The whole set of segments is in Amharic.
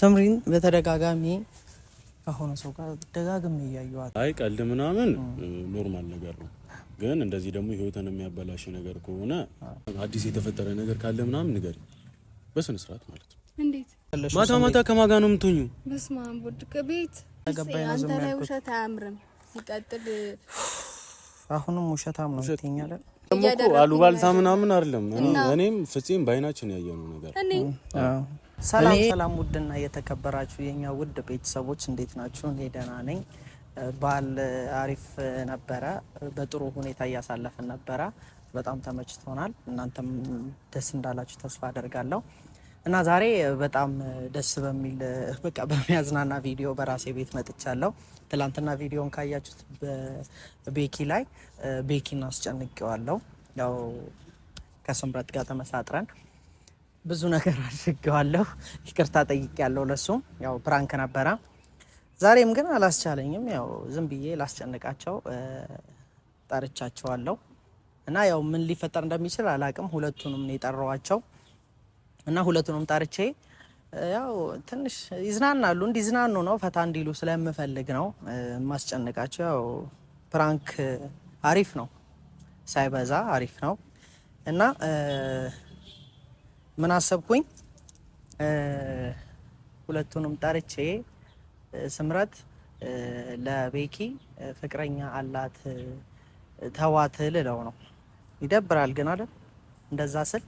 ተምሪን በተደጋጋሚ ከሆነ ሰው ጋር ደጋግም እያየኋት፣ አይ ቀልድ ምናምን ኖርማል ነገር ነው፣ ግን እንደዚህ ደግሞ ህይወትን የሚያበላሽ ነገር ከሆነ አዲስ የተፈጠረ ነገር ካለ ምናምን ንገሪኝ በስነ ስርዓት ማለት ነው። እንዴት ማታ ማታ ከማጋ ነው የምትኙ? በስመ አብ ወልድ ቤት አንተ ላይ ውሸት አያምርም። ሲቀጥል አሁንም ውሸታም ነው ትኛለን ደግሞ እኮ አሉባልታ ምናምን አይደለም። እኔም ፍፄም በአይናችን ያየነው ነገር ሰላም ሰላም፣ ውድና የተከበራችሁ የኛ ውድ ቤተሰቦች እንዴት ናችሁ? እኔ ደህና ነኝ። በዓል አሪፍ ነበረ። በጥሩ ሁኔታ እያሳለፍን ነበረ። በጣም ተመችቶናል። እናንተም ደስ እንዳላችሁ ተስፋ አደርጋለሁ እና ዛሬ በጣም ደስ በሚል በቃ በሚያዝናና ቪዲዮ በራሴ ቤት መጥቻለሁ። ትላንትና ቪዲዮን ካያችሁት በቤኪ ላይ ቤኪን አስጨንቄዋለሁ። ያው ከስምረት ጋር ተመሳጥረን ብዙ ነገር አድርጌዋለሁ። ይቅርታ ጠይቄያለሁ። ለሱ ያው ፕራንክ ነበረ። ዛሬም ግን አላስቻለኝም። ያው ዝም ብዬ ላስጨንቃቸው ጠርቻቸዋለሁ እና ያው ምን ሊፈጠር እንደሚችል አላቅም። ሁለቱንም የጠራዋቸው እና ሁለቱንም ጠርቼ ያው ትንሽ ይዝናናሉ እንዲዝናኑ ነው ፈታ እንዲሉ ስለምፈልግ ነው ማስጨንቃቸው። ያው ፕራንክ አሪፍ ነው፣ ሳይበዛ አሪፍ ነው እና ምን አሰብኩኝ ሁለቱንም ጠርቼ ስምረት ለቤኪ ፍቅረኛ አላት ተዋት ልለው ነው። ይደብራል ግን አይደል? እንደዛ ስል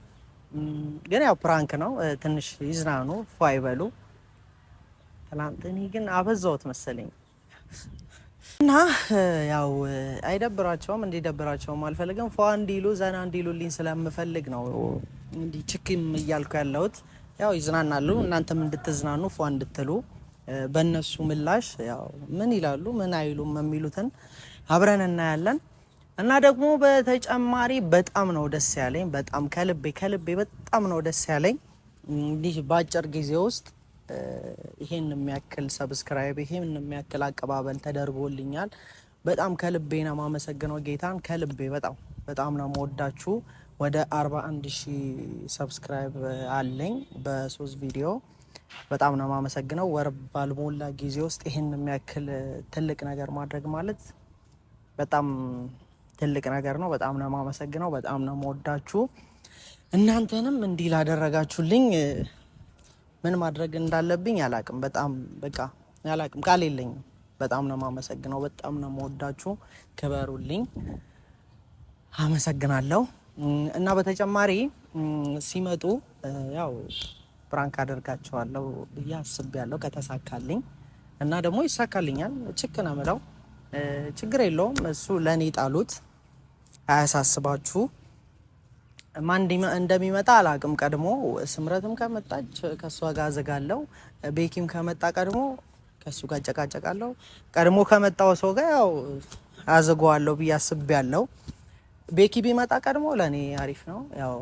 ግን ያው ፕራንክ ነው። ትንሽ ይዝናኑ ፏ ይበሉ። ትላንት እኔ ግን አበዛሁት መሰለኝ እና ያው አይደብራቸውም። እንዲደብራቸውም አልፈልግም። ፏ እንዲሉ ዘና እንዲሉልኝ ስለምፈልግ ነው እንዲህ ችክም እያልኩ ያለሁት ያው ይዝናናሉ፣ እናንተም እንድትዝናኑ ፏ እንድትሉ በእነሱ ምላሽ ያው ምን ይላሉ ምን አይሉም የሚሉትን አብረን እናያለን። እና ደግሞ በተጨማሪ በጣም ነው ደስ ያለኝ፣ በጣም ከልቤ ከልቤ በጣም ነው ደስ ያለኝ እንዲህ በአጭር ጊዜ ውስጥ ይሄን የሚያክል ሰብስክራይብ ይሄን የሚያክል አቀባበል ተደርጎልኛል። በጣም ከልቤ ነው የማመሰግነው ጌታን ከልቤ በጣም በጣም ነው የምወዳችሁ። ወደ 41 ሺህ ሰብስክራይብ አለኝ በሶስት ቪዲዮ። በጣም ነው የማመሰግነው። ወር ባልሞላ ጊዜ ውስጥ ይህን የሚያክል ትልቅ ነገር ማድረግ ማለት በጣም ትልቅ ነገር ነው። በጣም ነው የማመሰግነው። በጣም ነው የምወዳችሁ። እናንተንም እንዲህ ላደረጋችሁልኝ ምን ማድረግ እንዳለብኝ አላቅም። በጣም በቃ አላቅም፣ ቃል የለኝም። በጣም ነው የማመሰግነው። በጣም ነው የምወዳችሁ። ክበሩልኝ። አመሰግናለሁ። እና በተጨማሪ ሲመጡ ያው ፕራንክ አደርጋቸዋለሁ ብዬ አስቤያለሁ ከተሳካልኝ እና ደግሞ ይሳካልኛል። ችክ ነው የምለው፣ ችግር የለውም። እሱ ለእኔ ጣሉት፣ አያሳስባችሁ። ማን እንደሚመጣ አላቅም። ቀድሞ ስምረትም ከመጣች ከእሷ ጋር አዘጋለው። ቤኪም ከመጣ ቀድሞ ከእሱ ጋር ጨቃጨቃለው። ቀድሞ ከመጣው ሰው ጋር ያው አዘገዋለሁ ብዬ አስቤያለሁ። ቤኪ ቢመጣ ቀድሞ ለእኔ አሪፍ ነው። ያው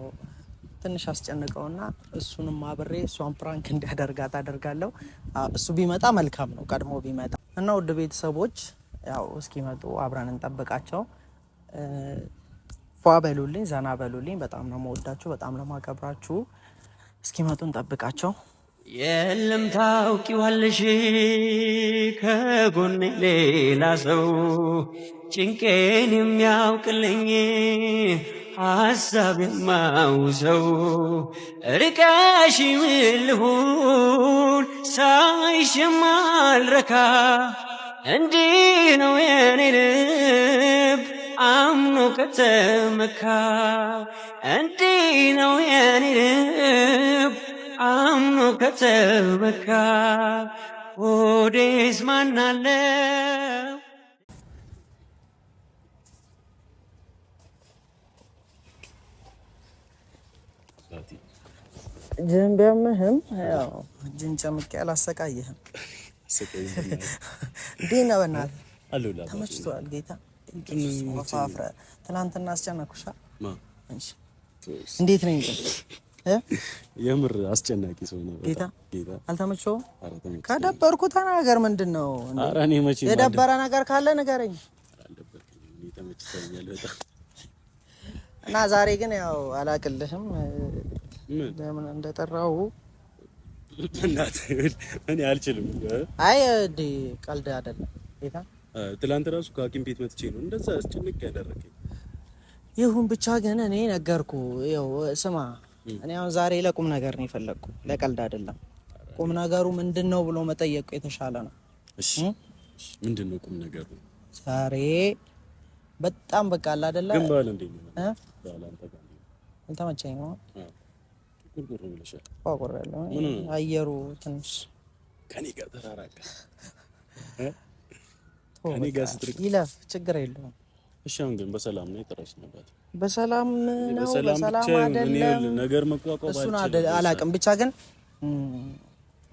ትንሽ አስጨንቀውና እሱንም አብሬ እሷን ፕራንክ እንዲያደርጋት አደርጋለሁ። እሱ ቢመጣ መልካም ነው ቀድሞ ቢመጣ እና ውድ ቤተሰቦች ያው እስኪመጡ አብረን እንጠብቃቸው። ፏ በሉልኝ፣ ዘና በሉልኝ። በጣም ነው መወዳችሁ፣ በጣም ነው ማከብራችሁ። እስኪመጡ እንጠብቃቸው። የለም ታውቂዋለሽ ከጎኔ ሌላ ሰው ጭንቄን የሚያውቅልኝ ሀሳብ የማውሰው ርቀሽ ምልሁን ሳይሽ የማልረካ እንዲህ ነው የኔ ልብ አምኖ ከተመካ እንዲህ ነው የኔ ልብ አምኖ ከተበካ ወዴስ ማናለው ጅን ቢያምህም ያው ጅን ጨምቄ አላሰቃየህም። ዲና በእናትህ ተመችቶሃል ጌታ ትናንትና አስጨነኩሻ። እንዴት ነኝ? የምር አስጨናቂ ሰው ነው ጌታ። ጌታ አልተመቸውም። ከደበርኩ ተናገር። ምንድን ነው የደበረ ነገር ካለ ንገረኝ። እና ዛሬ ግን ያው አላቅልህም ለምን እንደጠራው እኔ አልችልም። አይ እንደ ቀልድ አይደለም ጌታ። ትላንት ራሱ ከሐኪም ቤት መጥቼ ነው እንደዛ አስጨንቅ ያደረገኝ። ይሁን ብቻ ግን እኔ ነገርኩ። ያው ስማ እኔ አሁን ዛሬ ለቁም ነገር ነው የፈለግኩ፣ ለቀልድ አይደለም። ቁም ነገሩ ምንድን ነው ብሎ መጠየቁ የተሻለ ነው። እሺ ምንድን ነው ቁም ነገሩ? ዛሬ በጣም በቃ አለ አይደለ፣ ግን ባል እንዴ ነው አልተመቸኝም። ቆርቆር ያለው አየሩ ትንሽ ከኔ ጋር ተራራቀ። ከኔ ጋር ስትርቅ ይለፍ ችግር የለውም። እሺ አሁን ግን በሰላም ነው የጠራች ነበር በሰላም ነው በሰላም አይደለም ነገር መቋቋም እሱን አላውቅም። ብቻ ግን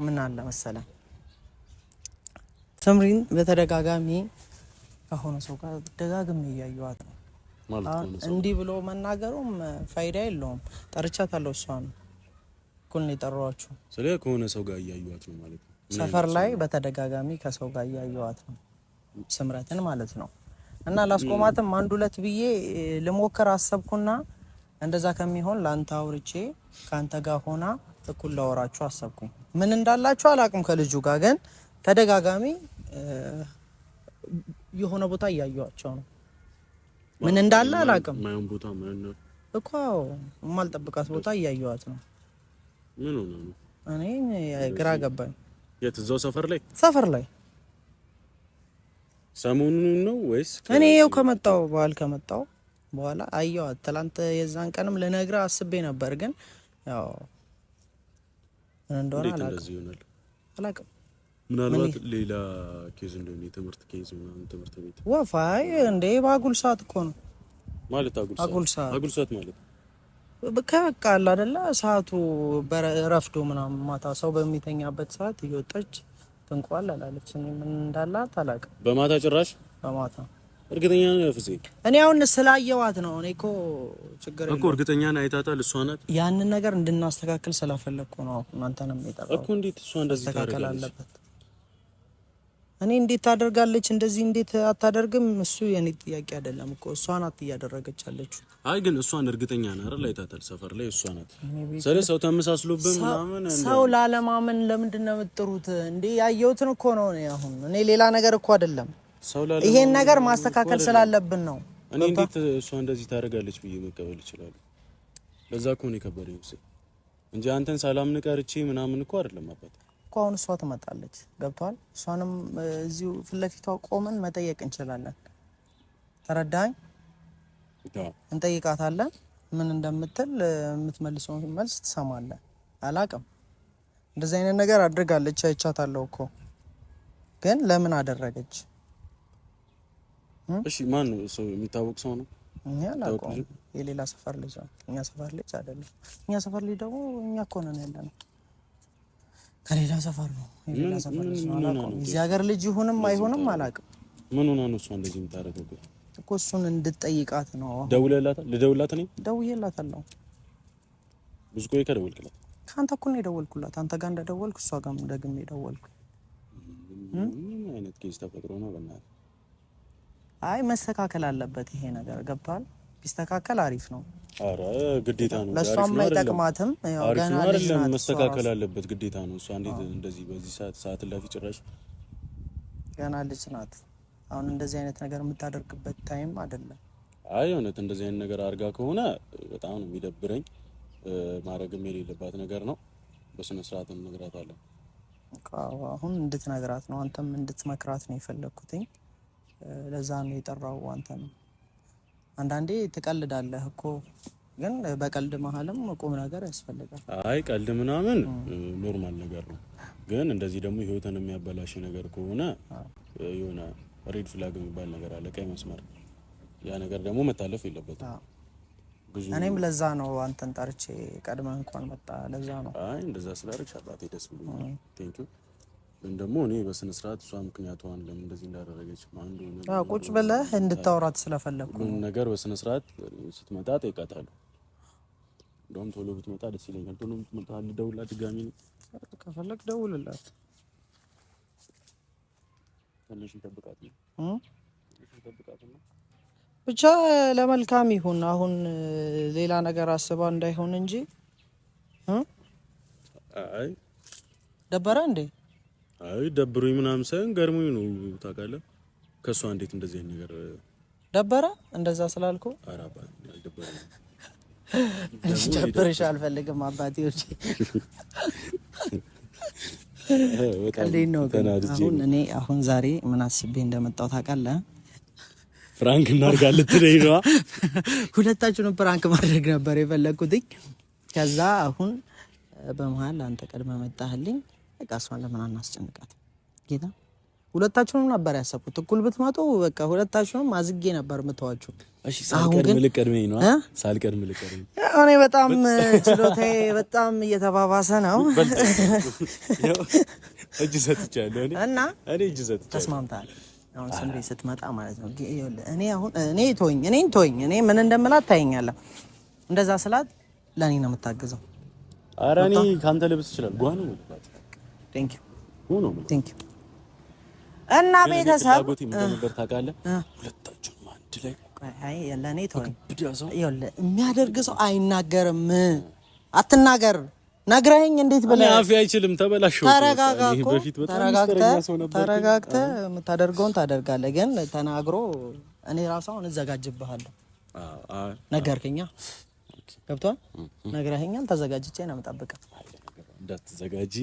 ምን አለ መሰለህ ተምሪን በተደጋጋሚ ከሆነ ሰው ጋር ደጋግሜ ነው። እንዲህ ብሎ መናገሩም ፋይዳ የለውም። ጠርቻታለሁ። እሷን እኩል ነው ስለ ከሆነ ሰው ጋር ነው ማለት ነው። ሰፈር ላይ በተደጋጋሚ ከሰው ጋር እያየዋት ነው፣ ስምረትን ማለት ነው እና ላስቆማትም አንድ ሁለት ብዬ ልሞክር አሰብኩና እንደዛ ከሚሆን ለአንተ አውርቼ ከአንተ ጋር ሆና እኩል ላወራችሁ አሰብኩኝ። ምን እንዳላችሁ አላቅም። ከልጁ ጋር ግን ተደጋጋሚ የሆነ ቦታ እያየኋቸው ነው። ምን እንዳለ አላቅም እኮ የማልጠብቃት ቦታ እያየኋት ነው። እኔ ግራ ገባኝ። የት እዛው ሰፈር ላይ ሰፈር ላይ ሰሞኑን ነው ወይስ? እኔ ይኸው ከመጣው በኋላ ከመጣው በኋላ አየኋት። ትላንት የዛን ቀንም ልነግርህ አስቤ ነበር፣ ግን ያው ምን እንደሆነ አላውቅም። ምናልባት ሌላ ኬዝ እንደሆነ የትምህርት ኬዝ ምናምን ትምህርት ቤት ወፋይ እንዴ፣ በአጉል ሰዓት እኮ ነው ማለት አጉል ሰዓት አጉል ሰዓት ማለት ከበቃ አለ አይደለ? ሰዓቱ በረፍዶ ምናምን ማታ ሰው በሚተኛበት ሰዓት እየወጣች ጥንቋል አላለች። እኔ ምን እንዳላት አላውቅም። በማታ ጭራሽ በማታ እርግጠኛ ነው ፍፄ። እኔ አሁን ስላየዋት ነው። እኔ እኮ ችግር እኮ እርግጠኛ ነው አይታታል። እሷ ናት ያንን ነገር እንድናስተካክል ስለፈለግኩ ነው። እናንተንም ይጣ እኮ እንዴት እሷ እንደዚህ ታደርጋለች? እኔ እንዴት ታደርጋለች እንደዚህ እንዴት አታደርግም? እሱ የኔ ጥያቄ አይደለም እኮ እሷ ናት እያደረገች ያለችው። አይ ግን እሷን እርግጠኛ ነህ አይደል? አይታታል፣ ሰፈር ላይ እሷ ናት። ስለ ሰው ተመሳስሎብን ምናምን ሰው ላለማመን ለምንድን ነው የምትጥሩት እንዴ? ያየሁትን እኮ ነው አሁን። እኔ ሌላ ነገር እኮ አይደለም፣ ይሄን ነገር ማስተካከል ስላለብን ነው። እኔ እንዴት እሷ እንደዚህ ታደርጋለች ብዬ መቀበል ይችላል? በዛ እኮ ነው የከበደኝ እንጂ አንተን ሰላም ንቀርቼ ምናምን እኮ አይደለም አባት እኮ አሁን እሷ ትመጣለች። ገብቷል እሷንም እዚሁ ፊት ለፊቷ ቆመን መጠየቅ እንችላለን። ተረዳኝ። እንጠይቃታለን። ምን እንደምትል የምትመልሰውን መልስ ትሰማለን። አላቅም። እንደዚህ አይነት ነገር አድርጋለች፣ አይቻታለሁ እኮ ግን ለምን አደረገች? እሺ ማን ሰው? የሚታወቅ ሰው ነው? እኛ የሌላ ሰፈር ልጅ ነው። እኛ ሰፈር ልጅ አይደለም። እኛ ሰፈር ልጅ ደግሞ እኛ እኮ ነን ያለነው ከሌላ ሰፈር ነው። እዚህ ሀገር ልጅ ይሁንም አይሆንም አላውቅም። ምን ሆነ ነው እሷ እንደዚህ የምታደርገው? እኮ እሱን እንድትጠይቃት ነው። ደውለላታል? ልደውልላት ነኝ። ደውዬላታለሁ። ብዙ ቆይ ከደወልክላት ከአንተ እኮ ነው የደወልኩላት። አንተ ጋር እንደደወልኩ እሷ ጋር ደግሜ ደወልኩ። ምን አይነት ኬዝ ተፈጥሮ ነው? በእናትህ አይ መስተካከል አለበት ይሄ ነገር። ገብቶሃል? ቢስተካከል አሪፍ ነው። ኧረ ግዴታ ነው። ለእሷም አይጠቅማትም። መስተካከል አለበት ግዴታ ነው። እሷ እንዴት እንደዚህ በዚህ ሰዓት ሰዓት እላፊ ጭራሽ ገና ልጅ ናት። አሁን እንደዚህ አይነት ነገር የምታደርግበት ታይም አይደለም። አይ እውነት እንደዚህ አይነት ነገር አድርጋ ከሆነ በጣም ነው የሚደብረኝ። ማድረግም የሌለባት ነገር ነው። በስነ ስርዓት እንነግራታለን። አሁን እንድትነግራት ነው አንተም እንድትመክራት ነው የፈለግኩትኝ። ለዛ ነው የጠራው አንተ ነው አንዳንዴ ትቀልዳለህ እኮ ግን በቀልድ መሀልም ቁም ነገር ያስፈልጋል። አይ ቀልድ ምናምን ኖርማል ነገር ነው፣ ግን እንደዚህ ደግሞ ህይወትን የሚያበላሽ ነገር ከሆነ የሆነ ሬድ ፍላግ የሚባል ነገር አለ፣ ቀይ መስመር። ያ ነገር ደግሞ መታለፍ የለበትም። እኔም ለዛ ነው አንተን ጠርቼ ቀድመህ እንኳን መጣ። ለዛ ነው አይ እንደዛ ስላደረግሽ አባቴ ደስ ብሎኛል። ቴንኪው ግን ደግሞ እኔ በስነ ስርዓት እሷ ምክንያቷን ለምን እንደዚህ እንዳደረገች አንዱ ቁጭ ብለህ እንድታወራት ስለፈለግኩ ምን ነገር በስነ ስርዓት ስትመጣ ጠይቃታለሁ። እንደውም ቶሎ ብትመጣ ደስ ይለኛል። ቶሎ ብትመጣ ልደውልላት፣ ድጋሚ ነው። ከፈለግ ደውልላት። ትንሽ ይጠብቃት ብቻ ለመልካም ይሁን። አሁን ሌላ ነገር አስባ እንዳይሆን እንጂ። አይ ደበረ እንዴ? አይ ደብሩኝ ምናምን ሳይሆን ገርሞኝ ነው ታውቃለህ። ከእሷ እንዴት እንደዚህ አይነት ነገር ደበረ እንደዛ ስላልኩ አራባ ደብርሽ አልፈልግም። አባቴዎች እንዴት ነው አሁን? እኔ አሁን ዛሬ ምን አስቤ እንደመጣው ታውቃለህ? ፍራንክ እናርጋ ልትለኝ ነዋ። ሁለታችሁንም ፍራንክ ማድረግ ነበር የፈለግኩትኝ። ከዛ አሁን በመሀል አንተ ቀድመ መጣህልኝ። በቃ እሷን ለምን አናስጨንቃት? ጌታ ሁለታችሁንም ነበር ያሰብኩት። እኩል ብትመጡ በቃ ሁለታችሁንም አዝጌ ነበር ምተዋችሁ። እሺ ሳልቀድም ልቀድመኝ ነው። ሳልቀድም ልቀድመኝ እኔ በጣም ችሎታዬ በጣም እየተባባሰ ነው። እጅ ሰጥቻለሁ እና እኔ እጅ ሰጥቻለሁ። ተስማምታል አሁን ስምሪ ስትመጣ ማለት ነው። እኔ አሁን እኔ ተወኝ፣ እኔን ተወኝ። እኔ ምን እንደምላት ታየኛለህ። እንደዛ ስላት ለእኔ ነው የምታግዘው። ኧረ እኔ ከአንተ ልብስ ይችላል ጓኑ እና ቤተሰብ ታውቃለህ፣ ሁለታችሁም አንድ ላይ ለእኔ የሚያደርግ ሰው አይናገርም። አትናገር ነግረኸኝ እንዴት ብለህ አፌ አይችልም። ተበላሽ። ተረጋግተህ የምታደርገውን ታደርጋለህ። ግን ተናግሮ እኔ ራሱ አሁን እዘጋጅብሃለሁ። ነገርከኛ፣ ገብቷል። ነግረኸኛል። ተዘጋጅቼ ነው የምጠብቀው። እንዳትዘጋጂ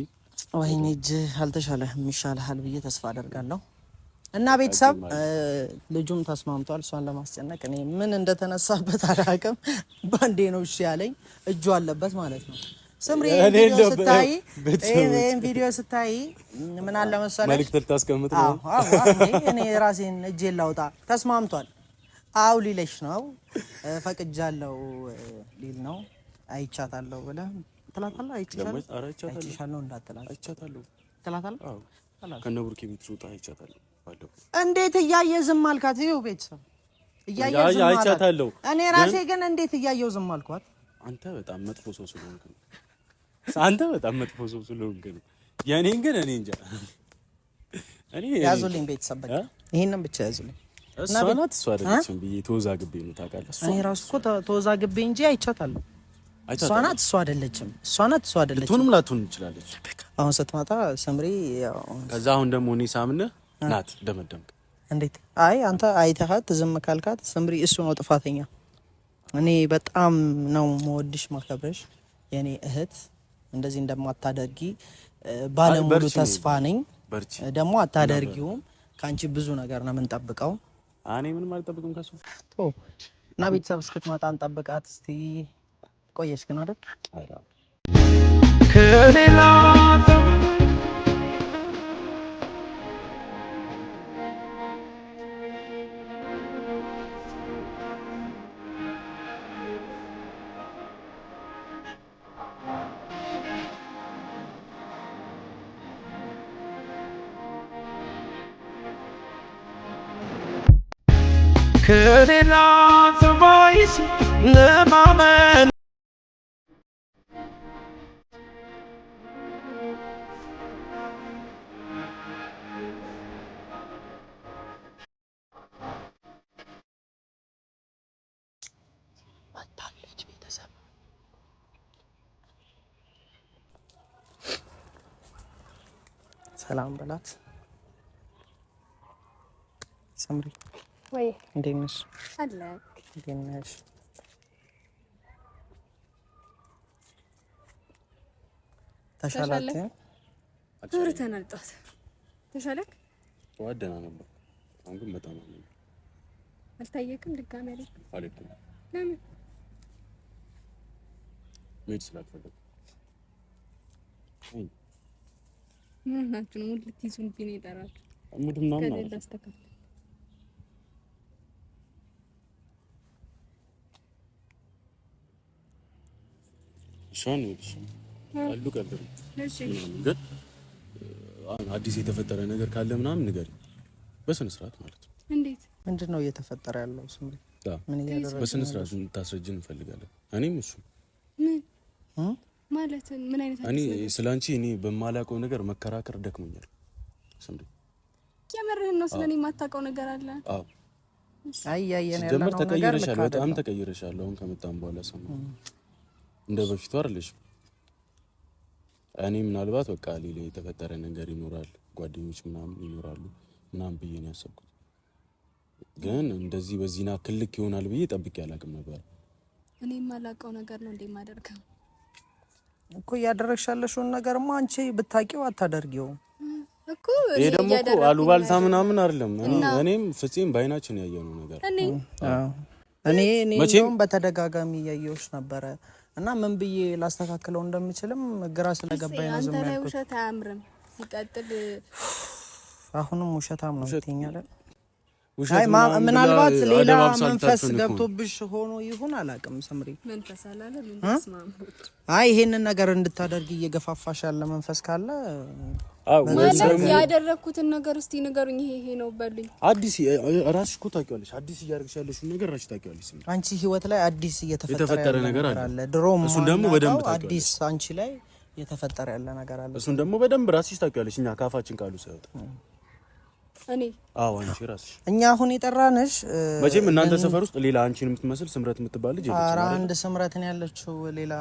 ወይኔ እጅ አልተሻለህም፣ ይሻልሃል ብዬ ተስፋ አደርጋለሁ። እና ቤተሰብ ልጁም ተስማምቷል። እሷን ለማስጨነቅ እኔ ምን እንደተነሳበት አላውቅም። ባንዴ ነው እሺ ያለኝ። እጁ አለበት ማለት ነው። ስምሪ ይህን ቪዲዮ ስታይ ምን አለ መሰለሽ፣ መልዕክት ልታስቀምጥ ነው። እኔ ራሴን እጄን ላውጣ፣ ተስማምቷል፣ አው ሊለሽ ነው፣ ፈቅጃለው ሊል ነው፣ አይቻታለው ብለህ ትላታለህ። ቡርኬ ቤት ስወጣ አይቻታለሁ። እንዴት እያየ ዝም አልካት? ይኸው ቤተሰብ እያየ አይቻታለሁ። እኔ ራሴ ግን እንዴት እያየው ዝም አልኳት? አንተ በጣም መጥፎ ሰው ስለሆንክ ነው። አንተ በጣም መጥፎ ሰው ስለሆንክ ነው። የእኔን ግን እኔ እንጃ። ያዙልኝ ቤተሰብ በቃ ይሄንን ብቻ ያዙልኝ። እሷ ናት እሷ አይደለችም ብዬ ተወዛግቤ ነው ታውቃለህ። እኔ ራሱ እኮ ተወዛግቤ እንጂ አይቻታለሁ እሷ ናት እሷ አይደለችም። እሷ ናት እሷ አይደለችም። ልትሆንም ላትሆን ይችላለች። አሁን ስትመጣ ሰምሪ ከዛ አሁን ደግሞ እኔ ሳምነ ናት ደመደምክ። እንዴት አይ አንተ አይተሃት ዝም ካልካት ሰምሪ እሱ ነው ጥፋተኛ። እኔ በጣም ነው መወድሽ ማከብረሽ የእኔ እህት እንደዚህ እንደማታደርጊ ባለሙሉ ተስፋ ነኝ። ደግሞ አታደርጊውም። ከአንቺ ብዙ ነገር ነው የምንጠብቀው። እኔ ምንም አልጠብቅም ከሱ እና ቤተሰብ እስክትመጣ እንጠብቃት እስቲ koyeskinarı. Hayır abi. Köle lazım. the moment. ሰላም በላት ሰምሪ። ወይ እንዴት ነሽ? እንዴት ነሽ? ተሻላት? አውርተናል ጠዋት። ተሻለክ? ጠዋት ደህና ነበር። አሁን ግን በጣም አለ። አልታየክም? ድጋሚ አልሄድኩም አልሄድኩም። ለምን? መሄድ ስላልፈለግኩ ምን ናችሁ ነው ሙድ ልትይዙብኝ ነው የጠራችሁ? ሙድ ምናምን ነው አስተካክል። አሉ ቀብር ግን አዲስ የተፈጠረ ነገር ካለ ምናምን ንገሪኝ በስነ ስርዓት ማለት ነው። እንዴት ምንድን ነው እየተፈጠረ ያለው? ስም በስነ ስርዓት እንድታስረጅን እንፈልጋለን። እኔም እሱ ምን ማለት ምን አይነት እኔ ስለ አንቺ እኔ በማላውቀው ነገር መከራከር ደክሞኛል። ስንዱ የምርህን ነው? ስለ እኔ የማታውቀው ነገር አለ? አዎ። አይ ጀምር ተቀይረሻል፣ በጣም ተቀይረሻል። አሁን ከመጣም በኋላ ሰማ እንደ በፊቱ አይደለሽ። እኔ ምናልባት በቃ ሌላ የተፈጠረ ነገር ይኖራል፣ ጓደኞች ምናምን ይኖራሉ ምናምን ብዬ ነው ያሰብኩት፣ ግን እንደዚህ በዚህና ክልክ ይሆናል ብዬ ጠብቄ አላውቅም ነበር። እኔ የማላውቀው ነገር ነው እንደማደርገው እኮ እያደረግሽ ያለሽውን ነገርማ አንቺ ብታውቂው አታደርጊውም እኮ። ይሄ ደግሞ እኮ አሉባልታ ምናምን አይደለም። እኔም ፍጹም በአይናችን ያየነው ነገር እኔ እኔ እንደውም በተደጋጋሚ እያየሁሽ ነበረ እና ምን ብዬ ላስተካክለው እንደምችልም ግራ ስለገባኝ ነው ዝም ያልኩት። አሁንም ውሸታም ነው ትይኛለህ ምናልባት ሌላ መንፈስ ገብቶብሽ ሆኖ ይሁን አላውቅም። ስምሪ አይ ይሄንን ነገር እንድታደርግ እየገፋፋሽ ያለ መንፈስ ካለ ማለት ያደረግኩትን ነገር እስቲ ንገሩኝ። ይሄ ይሄ ነው በሉኝ። አዲስ እኮ ታውቂዋለሽ። አዲስ እያደረግሽ ነገር ታውቂዋለሽ። አንቺ ህይወት ላይ አዲስ እየተፈጠረ ነገር አለ። ድሮም እሱን ደግሞ በደንብ አዲስ አንቺ ላይ እየተፈጠረ ያለ ነገር አለ። እሱን ደግሞ በደንብ ታውቂዋለሽ። እኛ ካፋችን ቃሉ ሳይወጣ እኛ አሁን የጠራንሽ መቼም እናንተ ሰፈር ውስጥ ሌላ አንቺን የምትመስል ስምረት የምትባል ልጅ ኧረ አንድ ስምረት ነው ያለችው። ሌላ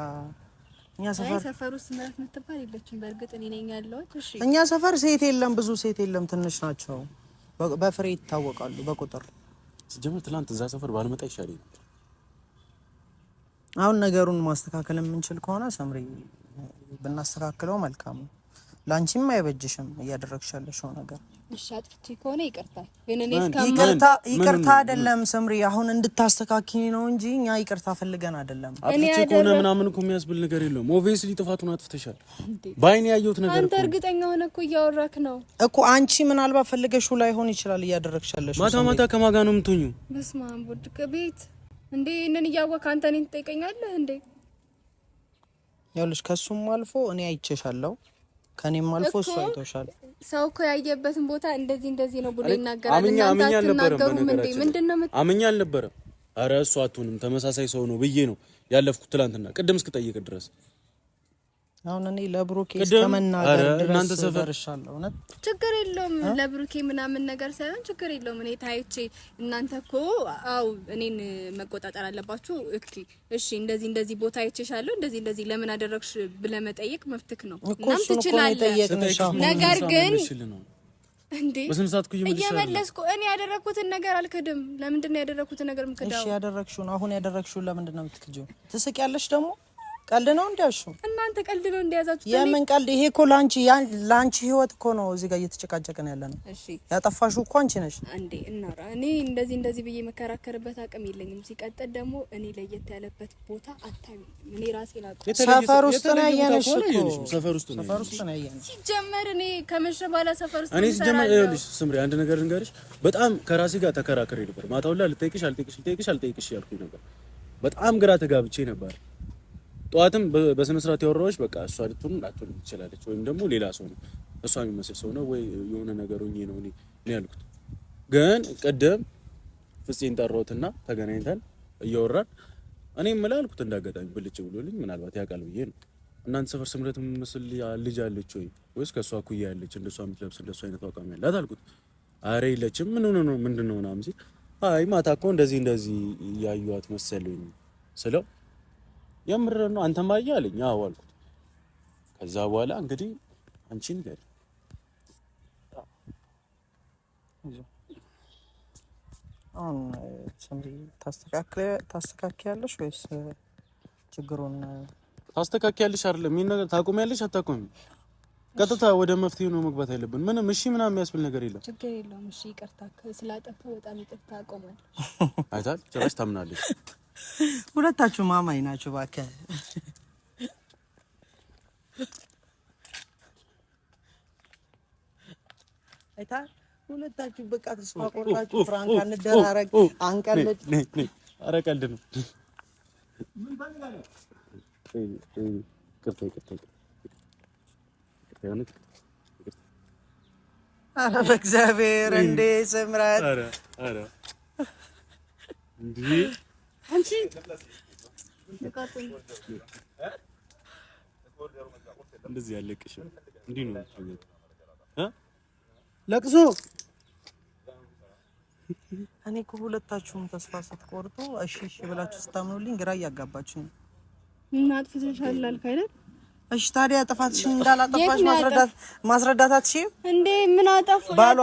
እኛ ሰፈር ውስጥ ስምረት የምትባል የለችም። በእርግጥ እኔ ነኝ ያለሁት። እሺ እኛ ሰፈር ሴት የለም፣ ብዙ ሴት የለም፣ ትንሽ ናቸው። በፍሬ ይታወቃሉ በቁጥር ሲጀምር። ትላንት እዛ ሰፈር ባልመጣ ይሻል ነበር። አሁን ነገሩን ማስተካከል የምንችል ከሆነ ሰምሪ ብናስተካክለው መልካም ነው። ላንቺም አይበጅሽም እያደረግሽ ያለሽው ነገር። እሺ አጥፍቼ ከሆነ ይቅርታ፣ ግን እኔ ይቅርታ ይቅርታ አይደለም ስምሪ፣ አሁን እንድታስተካክኝ ነው እንጂ እኛ ይቅርታ ፈልገን አይደለም። አጥፍቼ ከሆነ ምናምን እኮ የሚያስብል ነገር የለውም። ኦብቪየስሊ ጥፋቱን አጥፍተሻል፣ በአይኔ ያየሁት ነገር። አንተ እርግጠኛ ሆነ እኮ እያወራክ ነው እኮ። አንቺ ምናልባት ፈልገሽው ላይሆን ይችላል እያደረግሽ ያለሽው። ማታ ማታ ከማን ጋር ነው የምትኙ? በስመ አብ ወልድ ከቤት እንዴ! እነን እያወቅህ አንተ እኔን ትጠይቀኛለህ እንዴ? ያውልሽ ከሱም አልፎ እኔ አይቼሻለሁ ከኔም አልፎ እሱ አይቶሻል። ሰው እኮ ያየበትን ቦታ እንደዚህ እንደዚህ ነው ብሎ ይናገራል። አምኛ አምኛ አልነበረም አምኛ አልነበረም። ኧረ እሱ አትሆንም ተመሳሳይ ሰው ነው ብዬ ነው ያለፍኩት ትላንትና ቅድም እስክጠይቅ ድረስ አሁን እኔ ለብሩኬ እስከመናገር እናንተ ደርሻለሁ። እውነት ችግር የለውም ለብሩኬ ምናምን ነገር ሳይሆን ችግር የለውም። እኔ ታይቼ እናንተ እኮ አው እኔን መቆጣጠር አለባችሁ። እክቲ እሺ፣ እንደዚህ እንደዚህ ቦታ አይቼሻለሁ፣ እንደዚህ እንደዚህ ለምን አደረግሽ ብለህ መጠየቅ መብትህ ነው። እናም ትችላለህ። ነገር ግን እንዴ እየመለስኩ እኔ ያደረግኩትን ነገር አልክድም። ለምንድን ነው ያደረግኩትን ነገር ምክዳው? እሺ ያደረግሽውን አሁን ያደረግሽውን ለምንድን ነው የምትክጂው? ትስቂያለሽ ደግሞ ቀልድ ነው እንዲያሹ እናንተ ቀልድ ነው እንዲያዛችሁ። የምን ቀልድ ይሄ? እኮ ላንቺ ላንቺ ህይወት እኮ ነው እዚህ ጋር እየተጨቃጨቅን ያለ ነው። እሺ ያጠፋሽው እኮ አንቺ ነሽ እንዴ? እናራ እኔ እንደዚህ እንደዚህ ብዬ መከራከርበት አቅም የለኝም። ሲቀጥል ደግሞ እኔ ለየት ያለበት ቦታ አታዩ። እኔ ራሴ ላቁ። ሰፈር ውስጥ ነው ያየነሽ እኮ ሰፈር ውስጥ ነው ሰፈር ውስጥ ነው ያየነሽ። ሲጀመር እኔ ከመሸ በኋላ ሰፈር ውስጥ እኔ ሲጀመር ይኸውልሽ፣ ስምሪ አንድ ነገር እንገርሽ። በጣም ከራሴ ጋር ተከራክሬ ነበር። ማታውላ ልጠይቅሽ አልጠይቅሽ ልጠይቅሽ አልጠይቅሽ ያልኩኝ ነበር። በጣም ግራ ተጋብቼ ነበር። ጠዋትም በስነ ስርዓት ያወራዎች በቃ እሷ ልትሆን ላትሆን ትችላለች፣ ወይም ደግሞ ሌላ ሰው ነው እሷ የሚመስል ሰው ነው ወይ የሆነ ነገር ሆኜ ነው እኔ ያልኩት። ግን ቅድም ፍፄን ጠራሁትና ተገናኝተን እያወራን እኔ ምን አልኩት እንዳጋጣሚ ብልጭ ብሎልኝ ምናልባት ያውቃል ብዬ ነው እናንተ ሰፈር ስምረት የምትመስል ልጅ አለች ወይ ወይስ ከእሷ እኩያ ያለች እንደሷ የምትለብስ እንደሷ አይነት አቋም ያላት አልኩት። አረ የለችም። ምን ሆነ ነው ምንድን ነው ምናምን ሲል አይ ማታ እኮ እንደዚህ እንደዚህ ያዩዋት መሰለኝ ስለው የምር ነው አንተ ማየ አለኝ። አዎ አልኩት። ከዛ በኋላ እንግዲህ አንቺ ንገሪ ታስተካክያለሽ ወይስ ችግሩን ታስተካክያለሽ? አይደለም ይሄን ነገር ታቆሚያለሽ? አታቆሚ ቀጥታ ወደ መፍትሄ ነው መግባት ያለብን። ምንም እሺ ምናምን የሚያስብል ነገር የለም። ችግር የለውም። እሺ ይቅርታ ስላጠፋ በጣም ይቅርታ አቆማለሁ። አይታል ጭራሽ ታምናለች ሁለታችሁ ማማኝ ናችሁ። እባክህ አይተሃል። ሁለታችሁ በቃ ተስፋ ቆርጣችሁ ፍራንክ እንደራረግ አንቀልድ። ኧረ ቀልድ ነው። ኧረ በእግዚአብሔር እንዴ ስምረት አንቺ እንደዚህ ያለቅሽ እንዲህ ነው እ ለቅሶ እኔ እኮ ሁለታችሁም ተስፋ ስትቆርጡ እሺ እሺ ብላችሁ ስታምኑልኝ ግራ እያጋባችሁ ነው። እና አጥፍተሻል አልክ አይደል? እሺ ታዲያ ጥፋትሽን እንዳላጠፋሽ ማስረዳት ማስረዳት አትችይም እንዴ? ምን አጠፋ? ባሉ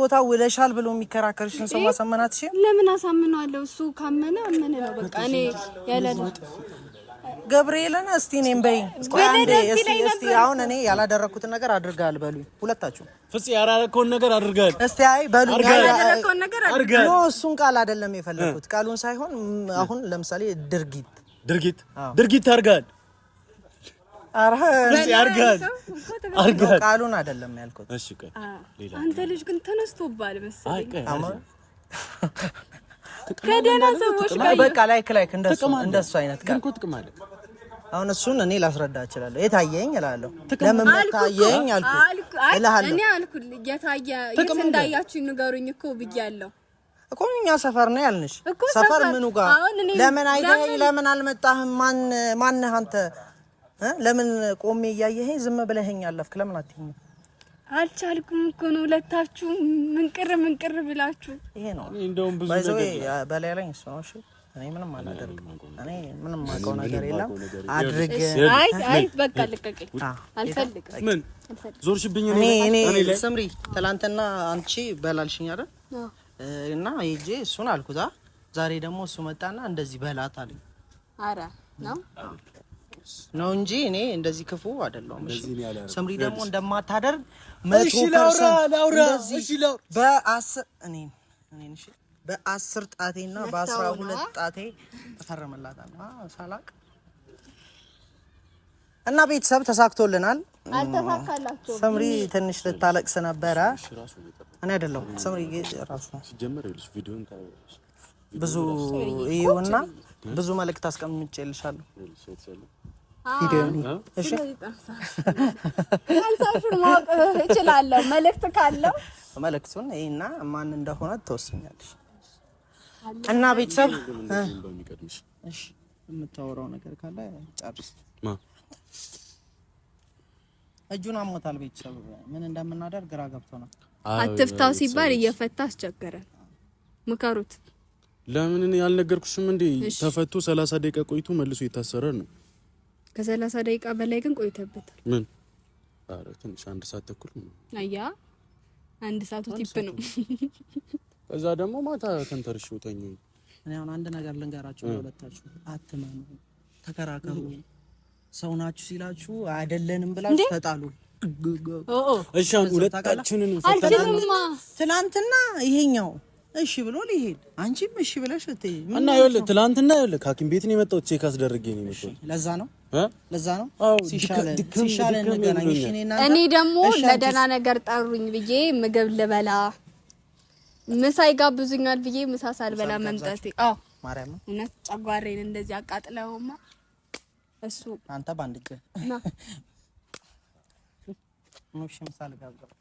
ቦታ ውለሻል ብሎ የሚከራከርሽን ሰው ማሳመን አትችይም? ለምን አሳምነዋለሁ? እሱ ካመነ አመነ ነው በቃ። እኔ ያለለ ገብርኤልን እስቲ እኔም በይ እስቲ አሁን እኔ ያላደረኩትን ነገር አድርጋል በሉ ሁለታችሁ ፍጽ ያላደረከውን ነገር አድርጋል እስቲ አይ በሉ ኖ እሱን ቃል አይደለም የፈለኩት ቃሉን ሳይሆን አሁን ለምሳሌ ድርጊት ድርጊት ድርጊት አድርጋል ቃሉን አይደለም ያልኩት። እሺ አንተ ልጅ ግን ተነስቶባል መሰለኝ። ከደህና ሰዎች ጋር በቃ ላይክ ላይክ እንደሱ እንደሱ አይነት ቃል አሁን እሱን እኔ ላስረዳ እችላለሁ። የታየኝ እላለሁ። ለምን ታየኝ አልኩ እላለሁ። እኔ አልኩ የታየ የት እንዳያችሁ ንገሩኝ እኮ ብያለሁ እኮ እኛ ሰፈር ነው ያልንሽ። ሰፈር ምኑ ጋር ለምን አይተኸኝ ለምን አልመጣህም? ማን ማን አንተ ለምን ቆሜ እያየኸኝ ዝም ብለኸኝ አለፍክ? ለምን አትይኝም? አልቻልኩም እኮ ነው ሁለታችሁ ምንቅር ምንቅር ብላችሁ። ይሄ ነው እንደውም ብዙ ነገር በላይ ላይ እሱ ነው። እሺ እኔ ምንም አላደርግም። እኔ ምንም አውቀው ነገር የለም። አድርግ። አይ አይ በቃ ልቀቀኝ፣ አልፈልግም። ምን ዞርሽብኝ? እኔ እኔ ስምሪ፣ ትናንትና አንቺ በላልሽኝ አይደል? እና ሂጅ እሱን አልኩታ። ዛሬ ደግሞ እሱ መጣና እንደዚህ በላት አለኝ። ኧረ ነው ነው እንጂ እኔ እንደዚህ ክፉ አይደለሁም። ስምሪ ደግሞ እንደማታደርግ በአስር ጣቴና በአስራ ሁለት ጣቴ እፈርምላታለሁ ሳላቅ እና ቤተሰብ ተሳክቶልናል። ሰምሪ ትንሽ ልታለቅስ ነበረ። እኔ አይደለሁም ሰምሪ ራሱ ብዙ ይኸውና ብዙ መልእክት አስቀምጬልሻለሁ። ቪዲዮሳሹን ማወቅ እችላለሁ። መልእክት ካለው መልእክቱን ይህና ማን እንደሆነ ትወስኛለሽ እና ቤተሰብ የምታወራው ነገር ካለ ጨርስ። እጁን አሞታል። ቤተሰብ ምን እንደምናደርግ ግራ አትፍታው ሲባል እየፈታ አስቸገረ ምከሩት። ለምን ያልነገርኩሽም እንዴ? ተፈቶ ሰላሳ ደቂቃ ቆይቶ መልሶ የታሰረ ነው። ከሰላሳ ደቂቃ በላይ ግን ቆይተበታል። ምን? ኧረ ትንሽ አንድ ሰዓት ተኩል አያ አንድ ሰዓቱ ቲፕ ነው። ከዛ ደግሞ ማታ ተንተርሽ ውተኝ። እኔ አሁን አንድ ነገር ልንገራችሁ፣ ለሁለታችሁ አትመኑ፣ ተከራከሩ። ሰው ናችሁ ሲላችሁ አይደለንም ብላችሁ ተጣሉ። እሺ አሁን ሁለታችንን ትናንትና ይሄኛው እሺ ብሎ ሊሄድ አንቺም እሺ ብለሽ እትይ እና ይኸውልህ፣ ትናንትና ይኸውልህ ሐኪም ቤት ነው የመጣሁት ቼክ አስደርጌ ነው የመጣሁት። ለዛ ነው ለዛ ነው ሲሻለን እኔ ደግሞ ለደህና ነገር ጠሩኝ ብዬ ምግብ ልበላ ምሳ ይጋብዙኛል ብዬ ምሳ ሳልበላ መምጣቴ አዎ፣ ማርያም እውነት ጨጓራዬን እንደዚህ አቃጥለውማ እሱ አንተ ባንድ እጅ ነው እሺ ምሳ ልጋብዘው